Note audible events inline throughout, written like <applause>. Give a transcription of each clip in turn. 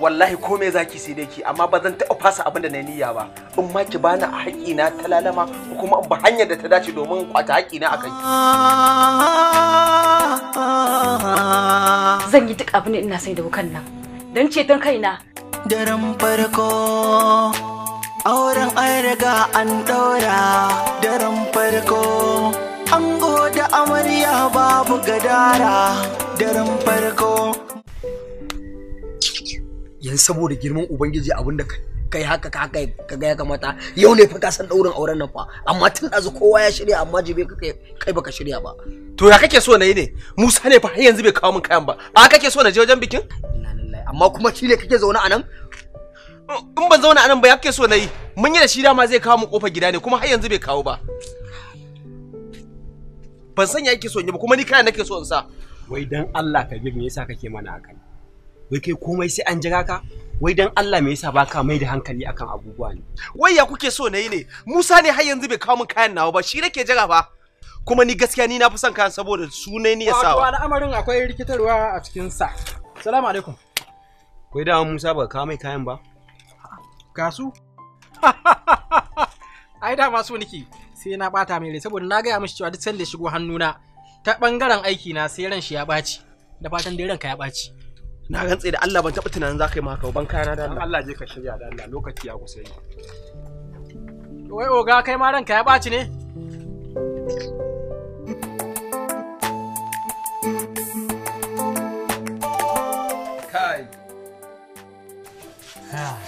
wallahi ko me zaki sai dai ki amma ba zan taɓa fasa abin da na niyya ba in ma ki bani a haƙi na ta lalama ko kuma ba hanyar da ta dace domin kwata haƙi na akan ki zan yi duk abin da ina sai da wukan nan don ceton kaina daren farko auren an riga an ɗora daren farko an gode amarya babu gadara daren farko yan saboda girman ubangiji abinda kai haka ka haka ka ga ya kamata yau ne fa ka san daurin auren nan fa amma tun azu kowa ya shirya amma jibe ka kai baka shirya ba to ya kake so na yi ne Musa ne fa har yanzu bai kawo min kayan ba a kake so na je wajen bikin amma kuma shi ne kake zaune a nan in ban zauna a nan ba ya kake so na yi mun yi da shi dama zai kawo mu kofar gida ne kuma har yanzu bai kawo ba ban sanya kake so in ba kuma ni kaya nake so in sa wai dan Allah ka bi me yasa kake mana hakan wai kai komai sai an jira ka wai dan Allah me yasa baka mai da hankali akan abubuwa ne wai ya kuke so nayi ne Musa ne har yanzu bai kawo min kayan nawa ba shi nake jira ba kuma ni gaskiya ni na fi son kayan saboda sunai ni ya sa wa al'amarin akwai rikitarwa a cikin sa assalamu alaikum kai da Musa ba kawo mai kayan ba Ka su <laughs> ai da masu niki sai na bata mai rai saboda na gaya mishi cewa duk sanda ya shigo hannuna ta bangaren aiki na sai ran shi ya baci da fatan dai ranka ya baci na rantse da Allah ban taɓa tunanin za ka yi maka ban kana da Allah Allah je ka shirya da Allah lokaci ya kusa yi wai oga kai ma ranka ya ɓaci ne kai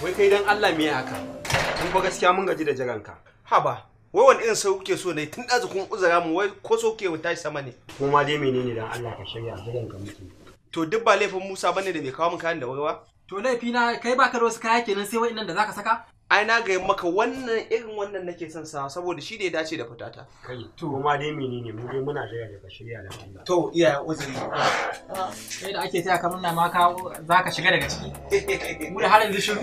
wai kai dan Allah me haka kun ba gaskiya mun gaji da jiranka haba wai wani irin sau kuke so ne tun ɗazu kun uzura mu wai ko so kuke mu tashi sama ne kuma dai menene dan Allah ka shirya jiranka mutum to duk ba laifin Musa bane da bai kawo min kayan da wuri ba to laifi na kai baka da wasu kaya kenan sai wa'annan da zaka saka ai na ga maka wannan irin wannan nake son sa saboda shi da ya dace da fitata kai to kuma dai menene mu dai muna da daga shirya da Allah to iya uzuri kai da ake taya kamar ma maka zaka shiga daga ciki mu da halin zishin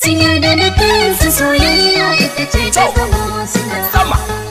sun yarda da kansu soyayya ita ce ta zama suna sama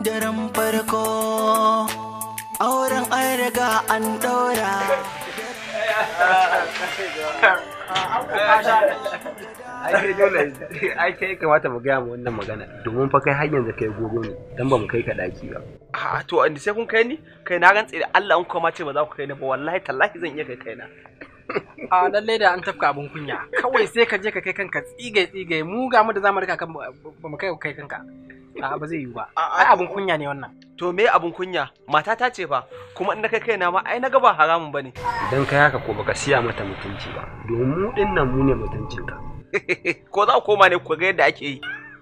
daren farko auren an riga an daura ai kai kamata mu gaya mu wannan magana domin fa kai har yanzu kai gogo ne dan ba mu kai ka daki ba a to sai kun kai ni kai na rantse da Allah in kuma ce ba za ku kai ni ba wallahi tallahi zan iya kai kaina a <laughs> ah, lallai da an tafka abin kunya kawai sai ka je ka kai kanka tsigai tsigai mu ga mu da zamu rika kan ba mu kai kai kanka a ah, ba zai yiwu ba ai abin kunya ne wannan to me abin kunya mata ta ce fa kuma in na kai na ma ai na ga ba haramun bane idan kai haka ko baka siya mata mutunci ba domin mu dinnan mu ne mutuncinka <laughs> ko za ku koma ne ku ga yadda ake yi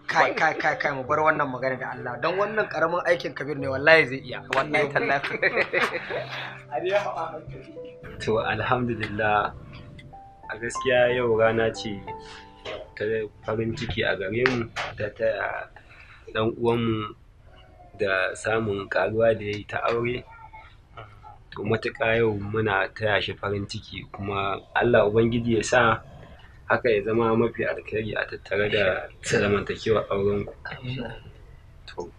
kai mu bar wannan magana da Allah don wannan karamin aikin kabir ne wallahi zai iya wallahi tallafi <laughs> to alhamdulillah a gaskiya yau rana ce ta farin ciki a gare mu ta taya dan mu da samun karuwa da yayi ta aure to matuƙa yau muna ta shi farin ciki kuma Allah ubangiji ya sa haka ya zama mafi alkhairi a tattare da zamantakewa auren ku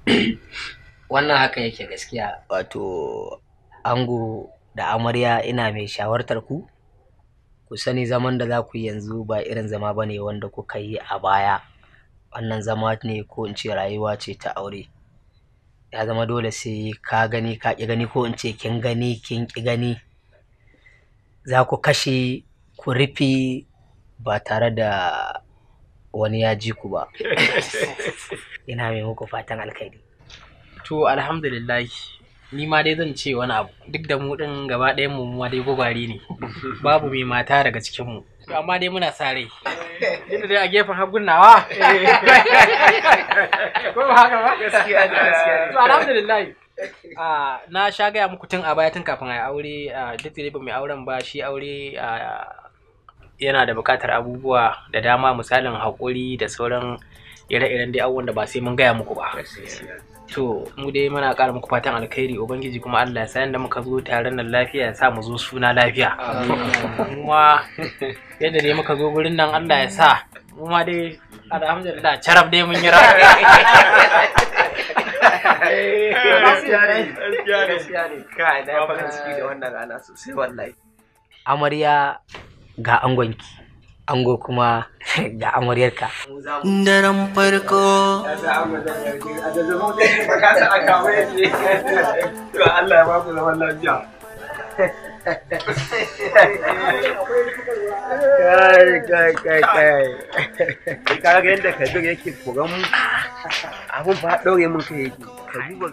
wannan haka yake gaskiya wato ango da amarya ina mai shawartar ku ku sani zaman da za ku yi yanzu ba irin zama ba ne wanda kuka yi a baya wannan zama ne ko in ce rayuwa ce ta aure ya zama dole sai ka gani ka ƙi gani ko in ce kin gani kin ƙi gani za ku kashe ku rufe ba tare da wani ya ji ku ba <laughs> ina mai muku fatan alkhairi to alhamdulillah ni ma dai zan ce wani abu duk da mu din gaba ɗayan mu ma dai gubari ne babu mai mata daga cikin mu amma dai muna sa rai inda dai a gefen hagun nawa eh. ko ba haka ba gaskiya to alhamdulillah ah, na sha gaya muku tun a baya tun kafin a aure ah, duk da ba mai auren ba shi aure ah, yana da buƙatar abubuwa da dama misalin haƙuri da sauran ire-iren dai abubuwan da ba sai mun gaya muku ba to mu dai muna ƙara muku fatan alkhairi ubangiji kuma Allah ya sa da muka zo taron nan lafiya ya sa mu zo suna lafiya kuma yadda dai muka zo gurin nan Allah ya sa mu ma dai alhamdulillah carab dai mun yi Amarya ga angonki ango kuma <laughs> ga amaryarka daren farko <laughs> Allah ya ba ku zaman lafiya kai kai kai kai kaga yadda kabir yake abun ba ɗaure mun kai yake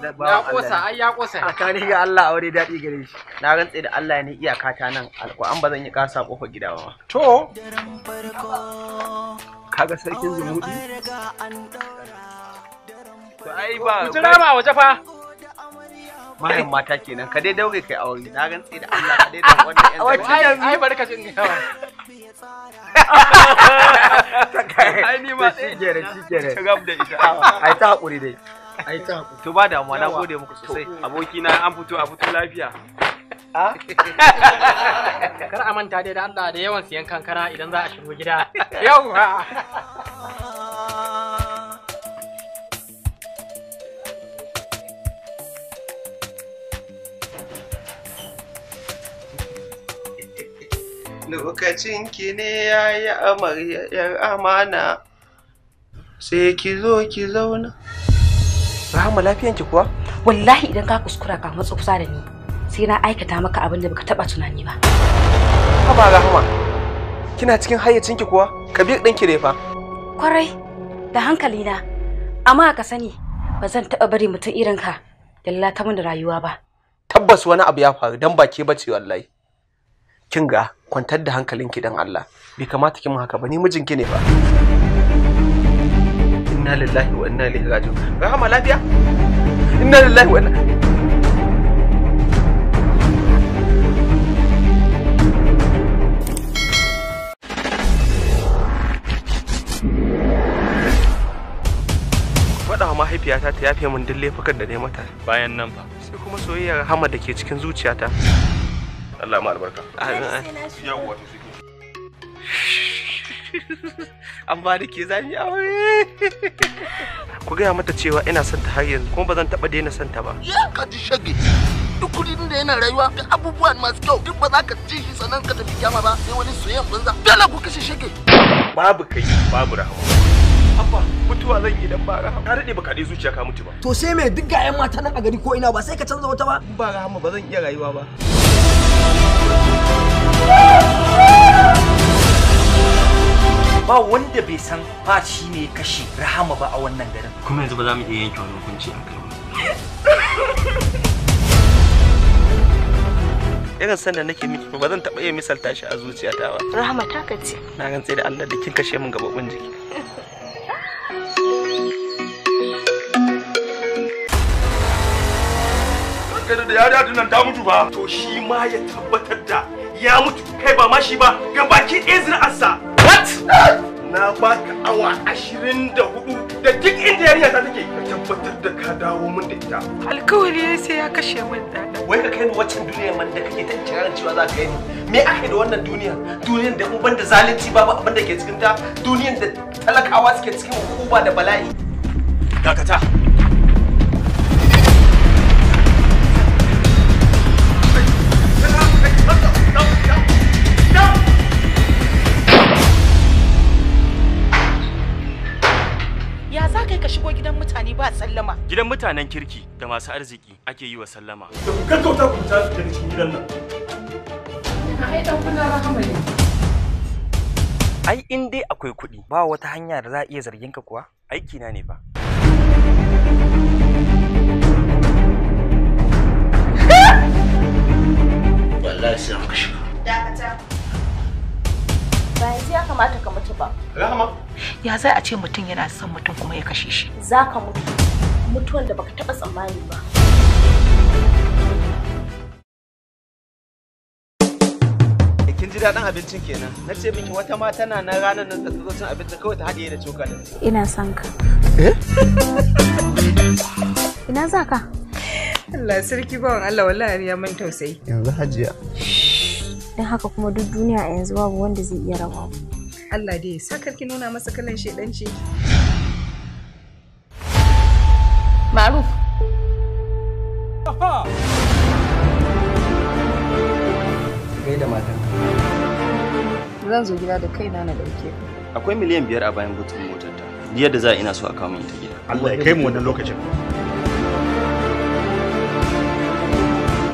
ka ba ya kosa ai ya kosa a kani ga Allah daɗi gare shi na rantse da Allah ne iyaka nan alƙur'an ba zan yi kasa kofar gida ba to kaga sarkin zumudi ba waje fa malam mata kenan ka dai dauke kai aure na gan tsaye da Allah ka dai da wannan yan <laughs> zai yanzu ai barka cin yawa <laughs> ai ni ma sai gere gere shagab da ita ai ta hakuri dai ai ta hakuri to ba mu na gode muku sosai aboki na an fito a fito lafiya <laughs> kar a manta dai da Allah da yawan siyan kankara idan za a shigo gida yawwa lokacin ki ne yayi amaryar amana sai ki zo ki zauna Rahama ki kuwa wallahi idan ka kuskura ka matsa kusa da ni sai na aikata maka abin da baka taba tunani ba Haba Rahama kina cikin hayyacinki kuwa bi ɗinki ne fa kwarai da hankali na amma ka sani ba zan taɓa bari mutum irin ka da ta mun da rayuwa ba tabbas wani abu ya faru dan ba ke bace wallahi kin ga kwantar da hankalinki dan Allah bai kamata ki mun haka ba ni mijinki ne ba inna lillahi wa inna ilaihi raji'un rahama lafiya inna lillahi wa inna faɗawa mahaifiyata ta yafe min duk laifukan da na mata bayan nan ba sai kuma soyayyar rahama da ke cikin zuciyata Allah ma albarka yawwa to shi <laughs> an ba da ke zami aure ku gaya mata cewa ina son ta har yanzu kuma ba zan taɓa daina son ta ba ya ka ji shage duk kudin da yana rayuwa da abubuwan masu kyau duk ba za ka ji shi sannan ka tafi kyama ba sai wani soyayyen banza Dala ku kashe shage babu kai babu rahama Abba, mutuwa zan yi dan ba rahama. Ka daɗe baka ɗaya zuciya ka mutu ba. To sai me duk ga 'yan mata nan a gari ko ina ba sai ka canza wata ba? Ba rahama ba zan iya rayuwa ba. ba wanda bai san ba shi ne kashe rahama ba a wannan garin kuma yanzu ba za mu iya yanke wani hukunci a kai irin sanda nake miki ba zan taɓa iya misalta shi a zuciyata ba rahama ta kace na gantse da Allah da kin kashe min gababin jiki suka da yariya din nan ta mutu ba to shi ma ya tabbatar da ya mutu kai ba ma shi ba ga baki azra'arsa what na baka awa ashirin da hudu da duk inda yariya ta take ka tabbatar da ka dawo min da ita alkawari ya sai ya kashe min dada wai ka kai ni wancan duniya man da kake ta cewa za ka yi ni me aka yi da wannan duniya duniyar da mu banda zalunci babu abin da ke cikin ta duniyar da talakawa suke cikin hukuma da bala'i dakata ka shigo gidan mutane ba sallama. Gidan mutanen kirki da masu arziki ake yi wa sallama. Da ku gaggauta ku fita da cikin gidan nan. Ai dan kuna rahama ne. Ai in dai akwai kuɗi ba wata hanya da za a iya zargin ka kuwa aiki na ne fa. Wallahi sai an kashe yanzu ya kamata ka mutu ba. Rahama? Ya zai a ce mutum yana son mutum kuma ya kashe shi. Za ka mutu. Mutuwan da baka taɓa tsammani ba. Eh, kin ji daɗin abincin kenan na ce miki wata ma tana na ranar nan ta zo cin abinci kawai ta haɗiye da cokalin ina son ka eh ina za ka Allah sarki bawan Allah wallahi ya man tausayi yanzu hajiya don haka kuma duk duniya a yanzu babu wanda zai iya rawa mu Allah dai sakar ki nuna masa kalan shedanci Maruf Kai da matan Zan zo gida da kaina na dauke Akwai miliyan biyar a bayan butun motar ta yadda za a ina so a kawo min ita gida Allah ya kai mu wannan lokacin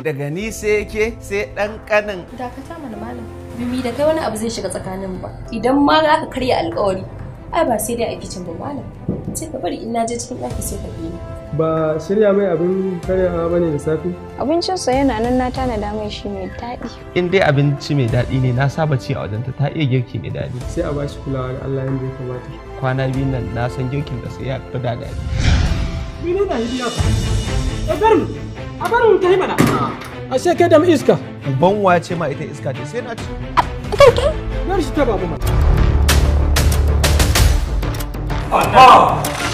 daga ni sai ke sai dan kanin dakata mana malam bimi da kai wani abu zai shiga tsakanin ba idan ma za ka karya alkawari ai ba sai dai a kicin ba malam sai ka bari in na je cikin ɗaki sai ka bi ba shirya mai abin karyawa bane da safe sa yana nan na tanada mai shi mai daɗi in dai abinci mai daɗi ne na saba ci a wajenta ta iya girki mai daɗi sai a bashi kulawa da Allah yanda ya kamata kwana biyu nan na san girkin da sai ya fi daɗi. Ni ne na yi biya ka. Ebar mu. a barin ta yi mana a sai kai mu iska uban wa ce ma ita iska ce sai na ci kai kai yar shi ta babu mata Allah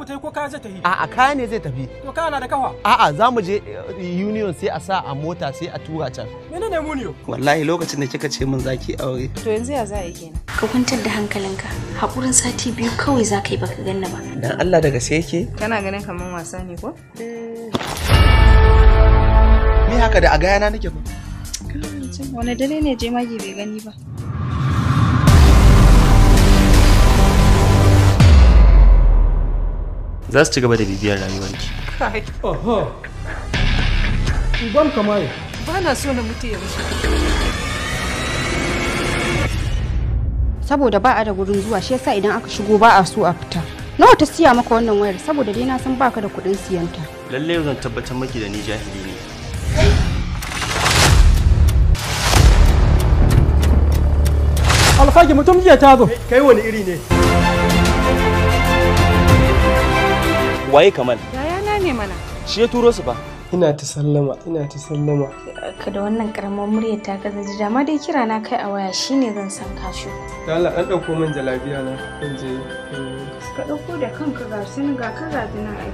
mu tafi ko kaya zai tafi a'a kaya ne zai tafi to kana da kafa a'a za mu je eh, union sai a sa a mota sai a tura can menene union wallahi lokacin da kika ce min zaki aure to yanzu ya za a yi kenan ka kwantar da hankalinka hakurin sati biyu kawai za ka yi baka ganna ba dan Allah daga sai yake kana ganin kamar wasa ne ko eh. me haka da a gaya na nake ba wani dare ne je magi bai gani ba za su ci gaba da bibiyar rayuwarki kai oho ba na so na mutu yanzu saboda ba a da gurin zuwa shi yasa idan aka shigo ba a so a fita nawa ta siya maka wannan wayar saboda dai na san baka da kuɗin siyanta lalle zan tabbatar maki da ni jahili ne alfaki mutum jiya ta zo kai wani iri ne waye kamal yayana ne mana shi ya turo su fa ina ta sallama ina ta sallama ka da wannan karamar murya ta ka zaji dama dai kira na kai a waya shine zan san ka shi da Allah an dauko min jalabiya na kan je ka dauko da kanka ga sun ga ka ga dina ai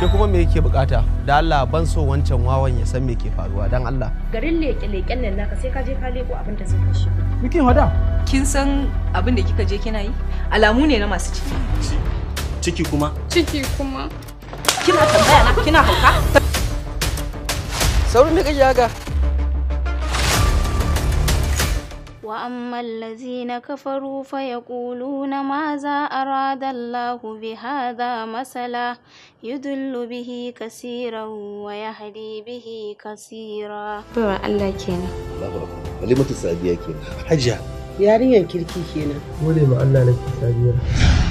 ke kuma me yake bukata da Allah ban so wancan wawan ya san me ke faruwa dan Allah garin leke leken nan naka sai ka je ka leko abin da zai kashe kin hada kin san abin da kika je kina yi alamu ne na masu ciki ciki kuma ciki kuma kina tambaya na kina hauka saurin da kake haka وأما الذين كفروا فيقولون ماذا أراد الله بهذا مثلا yudullu bihi kasiran waya yahdi bihi kasira Allah kenan Allahu akbar Sadiya kenan Hajiya yarinyar kirki kenan gode ma Allah na Sadiya